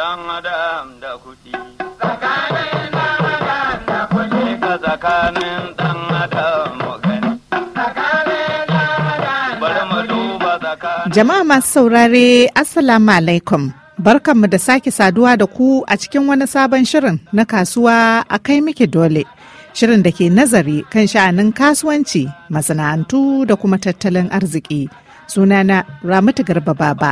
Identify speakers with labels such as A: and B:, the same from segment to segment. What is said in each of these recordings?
A: dan adam da kuɗi.
B: Jama'a masu saurare, Assalamu alaikum. Barkanmu da sake saduwa da ku a cikin wani sabon shirin na kasuwa a kai miki dole. Shirin da ke nazari kan sha'anin kasuwanci, masana'antu da kuma tattalin arziki. sunana ramatu garba baba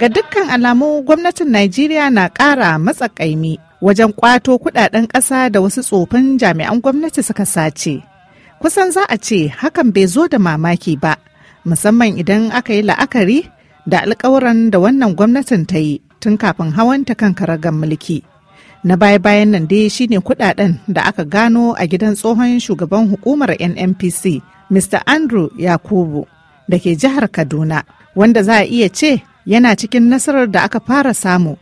B: ga dukkan alamu gwamnatin najeriya na ƙara matsakaimi wajen kwato kudaden ƙasa da wasu tsofin jami'an gwamnati suka sace kusan za a ce hakan bai zo da mamaki ba musamman idan aka yi la'akari da alkawuran da wannan gwamnatin ta yi tun kafin hawan ta kan karagar mulki. Na baya-bayan nan dai shine kudaden da aka gano a gidan tsohon shugaban hukumar NNPC, Mr. Andrew Yakubu, da ke jihar Kaduna, wanda za a iya ce yana cikin nasarar da aka fara samu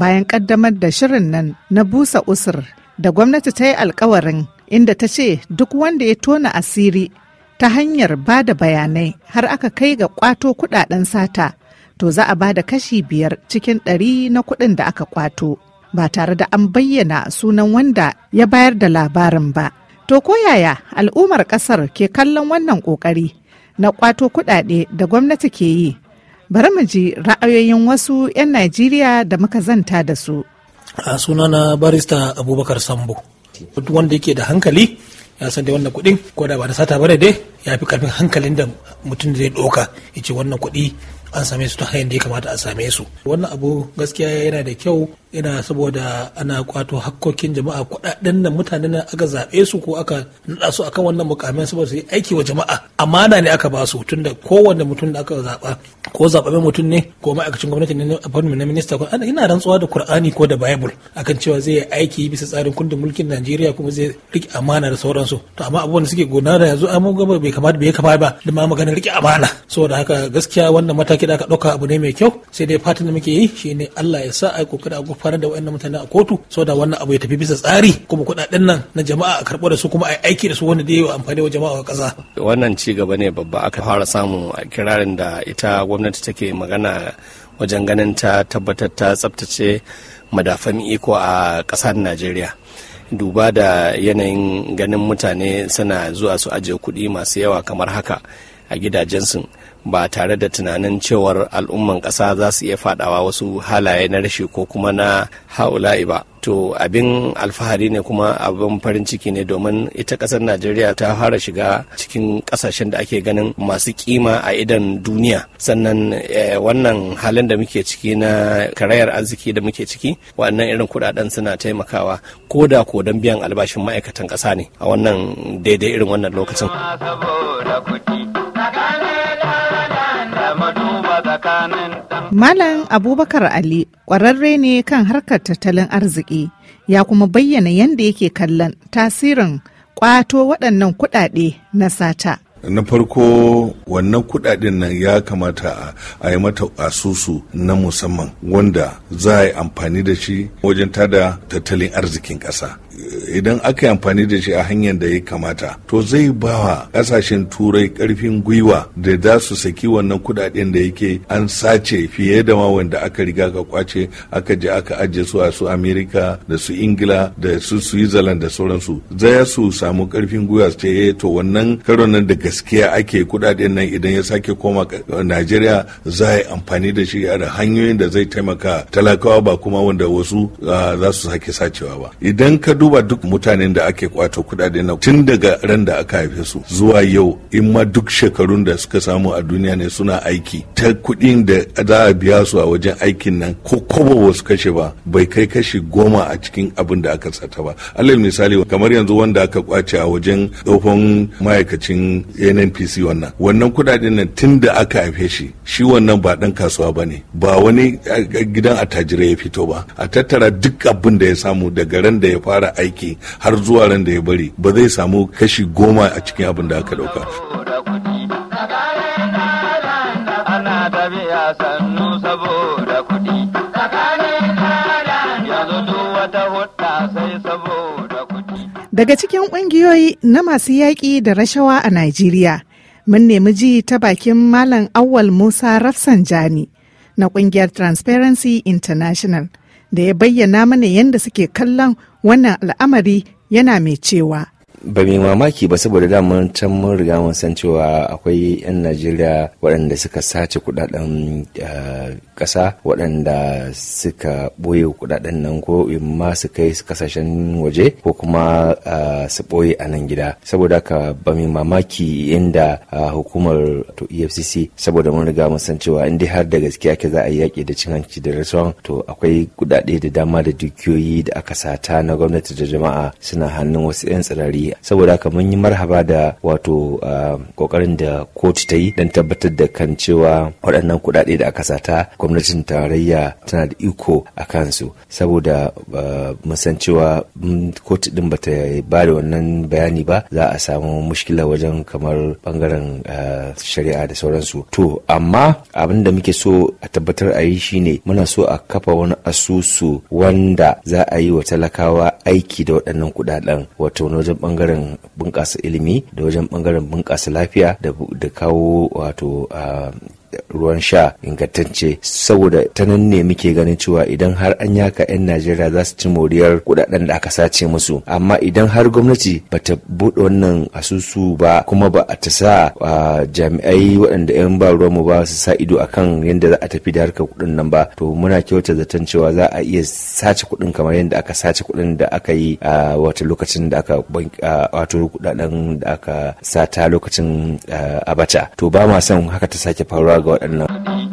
B: bayan kaddamar da shirin nan na busa usur da gwamnati ta yi alkawarin inda ta ce duk wanda ya tona asiri ta hanyar ba da bayanai har aka kai ga kwato kudaden sata to za a ba da kashi biyar cikin ɗari na kuɗin da aka kwato ba tare da an bayyana sunan wanda ya bayar da labarin ba. To ko yaya al'ummar ƙasar ke kallon wannan ƙoƙari na kwato kuɗaɗe da gwamnati ke yi? Bari mu ji ra'ayoyin wasu 'yan Najeriya da muka zanta da su.
C: A sunana barista Abubakar Sambo. Duk wanda yake da hankali ya san dai wannan kuɗin ko da ba da sata bane dai ya fi karfin hankalin da mutum zai ɗauka ya ce wannan kuɗi an same su ta hanyar da ya kamata a same su wannan abu gaskiya yana da kyau yana saboda ana kwato hakkokin jama'a kudaden da mutanen na aka zaɓe su ko aka nada su akan wannan mukamin saboda su yi aiki wa jama'a amana ne aka ba su tun da kowanne mutum da aka zaɓa ko zaɓaɓɓen mutum ne ko ma'aikacin gwamnati ne appointment na minista ko ina rantsuwa da kur'ani ko da Bible akan cewa zai yi aiki bisa tsarin kundin mulkin Najeriya kuma zai riƙe amana da sauransu to amma abubuwan da suke gona da yanzu amma bai kamata bai kamata ba da ma maganar riƙe amana saboda haka gaskiya wannan mataki mataki da aka ɗauka abu ne mai kyau sai dai fatan da muke yi shi ne Allah ya sa a kokari a gufanar da wa'annan mutane a kotu saboda wannan abu ya tafi bisa tsari kuma kuɗaɗen nan na jama'a a karɓo da su kuma a aiki da su wanda dai yi amfani wa jama'a a ƙasa.
A: Wannan ci gaba ne babba aka fara samu a kirarin da ita gwamnati take magana wajen ganin ta tabbatar ta tsaftace madafan iko a ƙasar Najeriya. duba da yanayin ganin mutane suna zuwa su ajiye kuɗi masu yawa kamar haka a gidajensu ba tare da tunanin cewar al'umman ƙasa za su iya fadawa wasu halaye na rashi ko kuma na haula'i ba to abin alfahari ne kuma abin farin ciki ne domin ita ƙasar najeriya ta fara shiga cikin ƙasashen da ake ganin masu kima a idan duniya sannan eh, wannan halin da muke ciki na karayar arziki da muke ciki wannan irin kudaden suna taimakawa ko da ko don biyan albashin ma'aikatan ƙasa ne a wannan daidai irin wannan lokacin.
B: Malam Abubakar Ali ƙwararre ne kan harkar tattalin arziki ya kuma bayyana yadda yake kallon tasirin ƙwato waɗannan kuɗaɗe na sata.
D: na farko wannan kuɗaɗen nan ya kamata a yi mata asusu na musamman wanda za a yi amfani da shi wajen tada tattalin arzikin ƙasa idan aka yi amfani da shi a hanyar da ya kamata to zai ba wa kasashen turai karfin gwiwa da za su saki wannan kudaden da yake an sace fiye da ma wanda aka riga ka kwace aka je aka ajiye su a su Amerika da su ingila da su switzerland da sauransu zai su samu karfin gwiwa su ce eh, to wannan karo nan da gaskiya ake kudaden nan idan ya sake koma najeriya za a yi amfani da shi da hanyoyin da zai taimaka talakawa ba kuma wanda wasu za su sake sacewa ba idan ka duba duba duk mutanen da ake kwato kudaden na tun daga ran da aka haife su zuwa yau in ma duk shekarun da suka samu a duniya ne suna aiki ta kudin da za a biya su a wajen aikin nan ko kobo ba su kashe ba bai kai kashi goma a cikin abin da aka sata ba alal misali kamar yanzu wanda aka kwace a wajen tsohon ma'aikacin nnpc wannan wannan kudaden nan tun da aka haife shi shi wannan ba dan kasuwa ba ne ba wani eh, gidan attajirai ya fito ba a tattara duk abin da ya samu daga ran da ya fara aiki har zuwa ran da ya bari ba zai samu kashi goma a cikin abin da aka dauka
B: Daga cikin kungiyoyi na masu yaƙi da rashawa a Najeriya, mun nemi ji ta bakin Malam Awal Musa Rafsanjani na kungiyar Transparency International da ya bayyana mana yadda suke kallon wannan al'amari yana mai cewa
A: ba mai mamaki ba saboda damar can mun riga mun san cewa akwai 'yan najeriya waɗanda suka sace kudaden eh, ƙasa waɗanda suka ɓoye kudaden nan ko ma su kai kasashen waje ko kuma eh, su ɓoye a nan gida saboda haka ba mai mamaki inda eh, hukumar to efcc saboda mun riga mun san cewa in dai har da gaskiya ake za a yi yaƙi da cin hanci da rasuwan to akwai kudade da dama da dukiyoyi da aka sata na gwamnati da jama'a suna hannun wasu 'yan tsirari saboda haka mun yi marhaba da wato kokarin da kotu ta yi don tabbatar da kan cewa waɗannan kuɗaɗe da aka sata gwamnatin tarayya tana da iko a kansu saboda mun san cewa kotu ɗin bata ba da wannan bayani ba za a samu mushkila wajen kamar bangaren shari'a da sauransu to amma abin da muke so a tabbatar a yi shine muna so a kafa wani asusu wanda za a yi wa talakawa aiki da waɗannan kuɗaɗen wato wajen ɓangaren. bangaren bunƙasa ilimi da wajen bangaren bunƙasa lafiya da kawo wato ah, ruwan sha ingantacce saboda ta nan ne muke ganin cewa idan har an yaka 'yan najeriya za su ci moriyar kudaden da aka sace musu amma idan har gwamnati ba ta buɗe wannan asusu ba kuma ba a ta sa jami'ai waɗanda 'yan ba ruwanmu ba su sa ido akan yadda za a tafi da harkar kuɗin nan ba to muna kyauta zaton cewa za a iya sace kuɗin kamar yadda aka sace kuɗin da aka yi a wata lokacin da aka wato kudaden da aka sata lokacin abacha to ba ma son haka ta sake faruwa ga waɗannan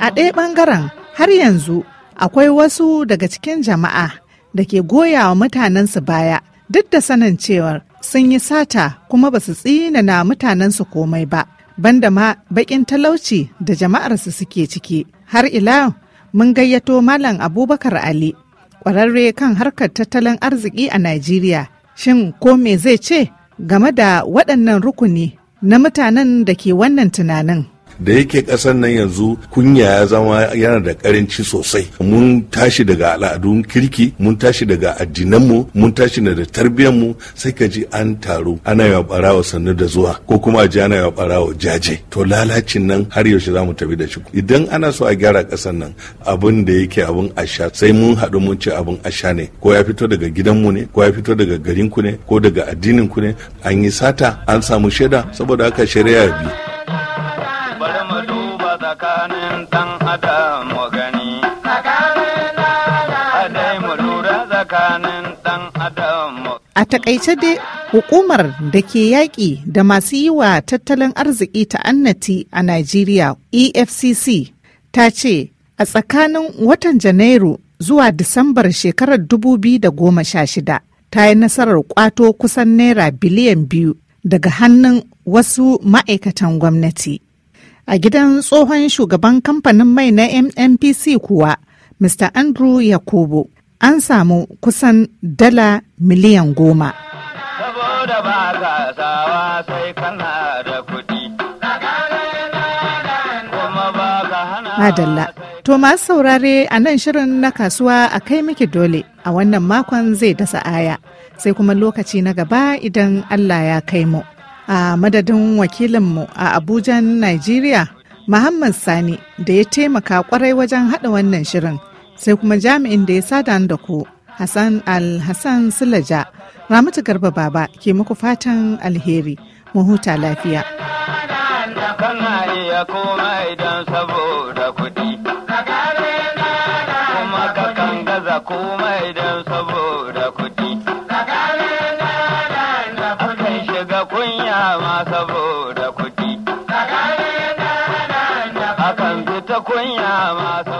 B: a ɗaya ɓangaren har yanzu akwai wasu daga cikin jama'a da ke goya wa mutanensu baya duk da sanin cewar sun yi sata kuma ba su tsinana mutanensu komai ba banda ma baƙin talauci da jama'arsu suke ciki har ila mun gayyato malam abubakar ali Kwararre kan harkar tattalin arziki a Najeriya. Shin ko me zai ce game da waɗannan rukuni na mutanen da ke wannan tunanin?
D: da yake ƙasar nan yanzu kunya ya zama yana da karanci sosai mun tashi daga al'adun kirki mun tashi daga addinanmu mun tashi da tarbiyyarmu sai ka ji an taru ana yawa barawa sannu da zuwa ko kuma ji ana yawa barawa jaje to lalacin nan har yaushe za mu tafi da shi idan ana so a gyara ƙasar nan abin da yake abin asha sai mun haɗu mun ce abin asha ne ko ya fito daga gidanmu ne ko ya fito daga garin ku ne ko daga addinin ku ne an yi sata an samu shaida saboda haka shari'a biyu tsakanin
B: A takaice dai hukumar da ke yaƙi da masu yi wa tattalin arziki ta annati a Najeriya EFCC ta ce a tsakanin watan Janairu zuwa Disambar shekarar 2016 ta yi nasarar kwato kusan naira biliyan biyu daga hannun wasu ma'aikatan gwamnati. A gidan tsohon shugaban kamfanin mai na MNPC kuwa, Mr. Andrew Yakubu, an samu kusan dala miliyan goma. Saboda To masu saurare a nan shirin na kasuwa a kai miki dole a wannan makon zai dasa aya sai kuma lokaci na gaba idan Allah ya kai mu. a madadin wakilinmu a Abuja, Nigeria, Muhammad Sani da ya taimaka kwarai wajen haɗa wannan shirin, sai kuma jami'in da ya sada da ku Hassan Al-Hassan Sulaja, Ramatu Garba Baba ke muku fatan alheri, mu huta lafiya.
A: komai don kunya masu